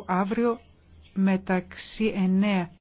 Οκτωβρίου αύριο μεταξύ 9